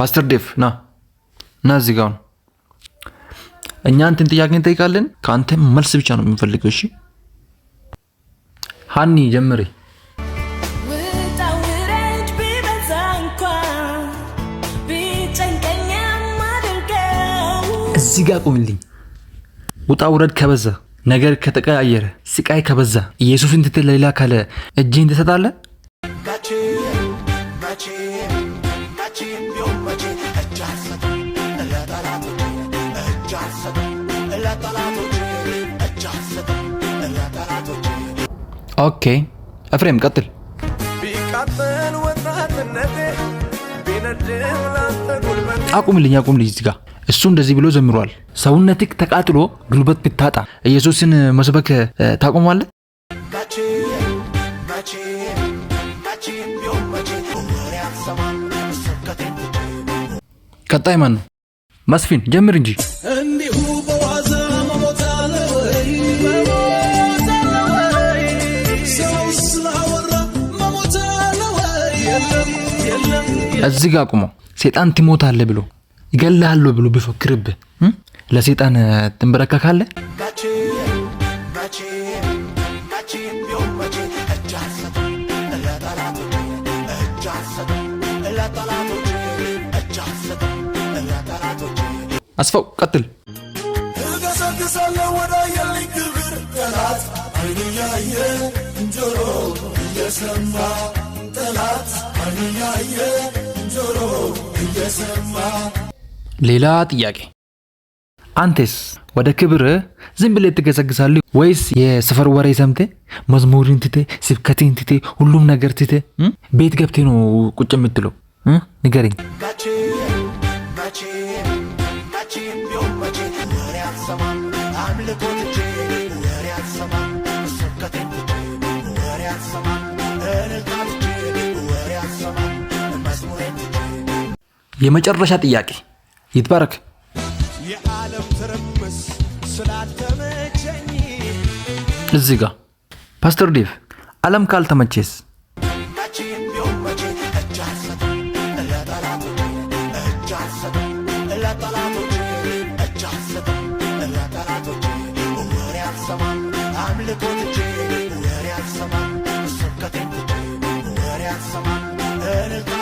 ፓስተር ዴቭ ና እና እዚህ ጋር ነው። እኛ አንተን ጥያቄ እንጠይቃለን። ከአንተ መልስ ብቻ ነው የምንፈልገው። እሺ ሀኒ ጀምሬ እዚህ ጋር ቁምልኝ። ውጣ ውረድ ከበዛ፣ ነገር ከተቀያየረ፣ ስቃይ ከበዛ፣ ኢየሱስን ትተህ ለሌላ ካለ እጅህን ትሰጣለህ። ኦኬ እፍሬም ቀጥል። ቢቃጠል ወጣትነቴ ቢነድም ላንተ ጉልበት አቁምልኝ፣ አቁምልኝ እዚህ ጋ እሱ እንደዚህ ብሎ ዘምሯል። ሰውነትህ ተቃጥሎ ጉልበት ብታጣ ኢየሱስን መስበክ ታቆማለህ? ቀጣይ ማን ነው? መስፊን ጀምር እንጂ እዚህ ጋር ቁሞ ሴጣን ትሞታለህ ብሎ ይገልሃል ብሎ ቢፎክርብህ ለሴጣን ትንበረከካለህ? አስፋው ቀጥል። ጠላት አይኑ ያየ ጆሮ እየሰማ ጠላት ሌላ ጥያቄ፣ አንተስ ወደ ክብር ዝም ብለህ ትገሰግሳለህ ወይስ የሰፈር ወሬ ሰምተህ መዝሙርን ትተህ ስብከትን ትተህ ሁሉም ነገር ትተህ ቤት ገብቴ ነው ቁጭ የምትለው? ንገረኝ። አምልኮ ትቼ የመጨረሻ ጥያቄ ይትባረክ። የዓለም ትርምስ እዚህ ጋር ፓስተር ዴቭ ዓለም ካልተመቼስ አምልኮ